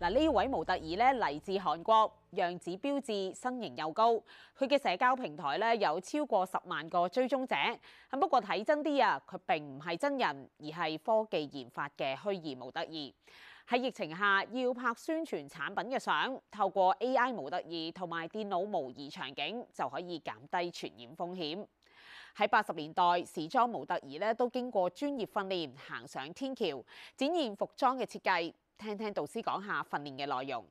嗱，呢位模特兒咧嚟自韓國，樣子標緻，身形又高。佢嘅社交平台咧有超過十萬個追蹤者。不過睇真啲啊，佢並唔係真人，而係科技研發嘅虛擬模特兒。喺疫情下，要拍宣傳產品嘅相，透過 AI 模特兒同埋電腦模擬場景就可以減低傳染風險。喺八十年代，時裝模特兒咧都經過專業訓練，行上天橋，展現服裝嘅設計。聽聽導師講下訓練嘅內容。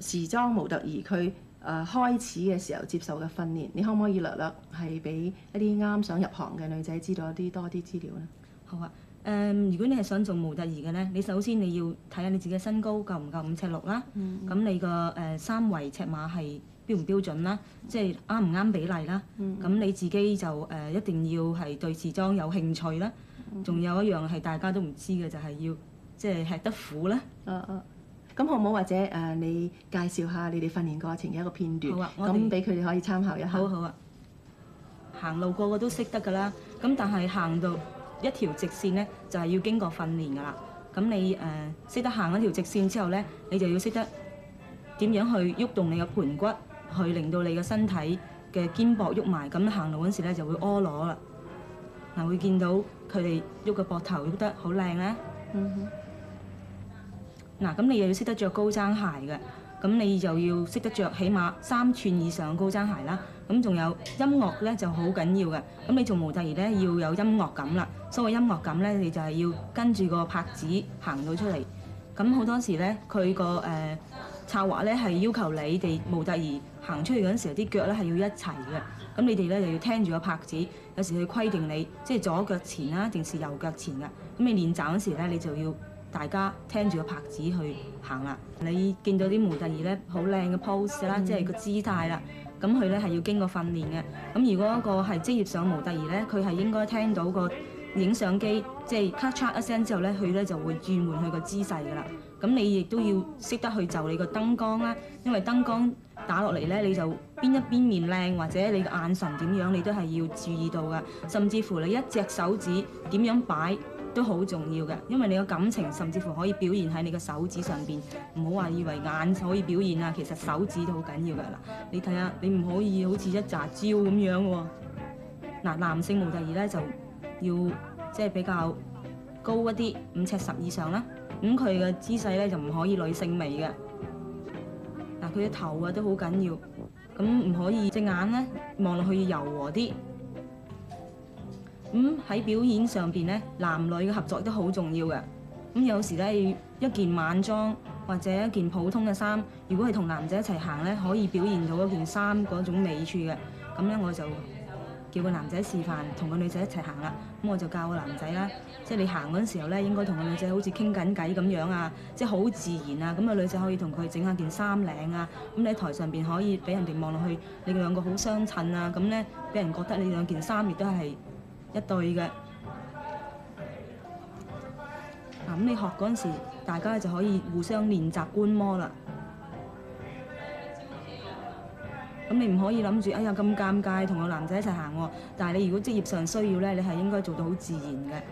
時裝模特兒佢，誒開始嘅時候接受嘅訓練，你可唔可以略略係俾一啲啱想入行嘅女仔知道一啲多啲資料咧？好啊，誒，如果你係想做模特兒嘅咧，你首先你要睇下你自己身高夠唔夠五尺六啦，咁、mm hmm. 你個誒三圍尺碼係標唔標準啦，即係啱唔啱比例啦。咁、mm hmm. 你自己就誒一定要係對時裝有興趣啦。仲、mm hmm. 有一樣係大家都唔知嘅就係、是、要。即係吃得苦咧～咁、哦哦、好唔好？或者誒、呃，你介紹下你哋訓練過程嘅一個片段，咁俾佢哋可以參考一下。好好啊！行路個個都識得㗎啦，咁但係行到一條直線咧，就係要經過訓練㗎啦。咁你誒識、呃、得行一條直線之後咧，你就要識得點樣去喐動，動你嘅盤骨，去令到你嘅身體嘅肩膊喐埋，咁行路嗰時咧就會屙攞啦。嗱，會見到佢哋喐個膊頭喐得好靚啦。嗯哼。嗱，咁、啊、你又要識得着高踭鞋嘅，咁你就要識得着起碼三寸以上嘅高踭鞋啦。咁仲有音樂咧就好緊要嘅，咁你做模特兒咧要有音樂感啦。所謂音樂感咧，你就係要跟住個拍子行到出嚟。咁好多時咧，佢個誒策劃咧係要求你哋模特兒行出去嗰陣時候，啲腳咧係要一齊嘅。咁你哋咧就要聽住個拍子，有時去規定你即係左腳前啦、啊，定係右腳前嘅、啊。咁你練習嗰時咧，你就要。大家聽住個拍子去行啦。你見到啲模特兒咧，好靚嘅 pose 啦，即係個姿態啦。咁佢咧係要經過訓練嘅。咁、嗯、如果一個係職業上模特兒咧，佢係應該聽到個影相機，即係咔嚓一聲之後咧，佢咧就會轉換佢個姿勢噶啦。咁、嗯、你亦都要識得去就你個燈光啦，因為燈光打落嚟咧，你就邊一邊面靚或者你個眼神點樣，你都係要注意到噶。甚至乎你一隻手指點樣擺，都好重要嘅，因為你個感情甚至乎可以表現喺你個手指上邊，唔好話以為眼可以表現啊，其實手指都好緊要嘅嗱。你睇下，你唔可以好似一紮蕉咁樣喎。嗱、啊，男性模特兒咧就要即係、就是、比較高一啲，五尺十以上啦。咁佢嘅姿勢咧就唔可以女性美嘅。嗱、啊，佢嘅頭啊都好緊要，咁唔可以隻眼咧望落去要柔和啲。咁喺、嗯、表演上邊咧，男女嘅合作都好重要嘅。咁、嗯、有時咧，一件晚裝或者一件普通嘅衫，如果係同男仔一齊行咧，可以表現到嗰件衫嗰種美處嘅。咁、嗯、咧，我就叫個男仔示範同個女仔一齊行啦、啊。咁、嗯、我就教個男仔啦、啊，即係你行嗰陣時候咧，應該同個女仔好似傾緊偈咁樣啊，即係好自然啊。咁、嗯、啊，女仔可以同佢整下件衫領啊。咁、嗯、你喺台上邊可以俾人哋望落去，你哋兩個好相襯啊。咁、嗯、咧，俾人覺得你兩件衫亦都係。一對嘅，嗱、咁、嗯、你學嗰陣時，大家就可以互相練習觀摩啦。咁、嗯、你唔可以諗住，哎呀咁尷尬，同個男仔一齊行喎。但係你如果職業上需要咧，你係應該做到好自然嘅。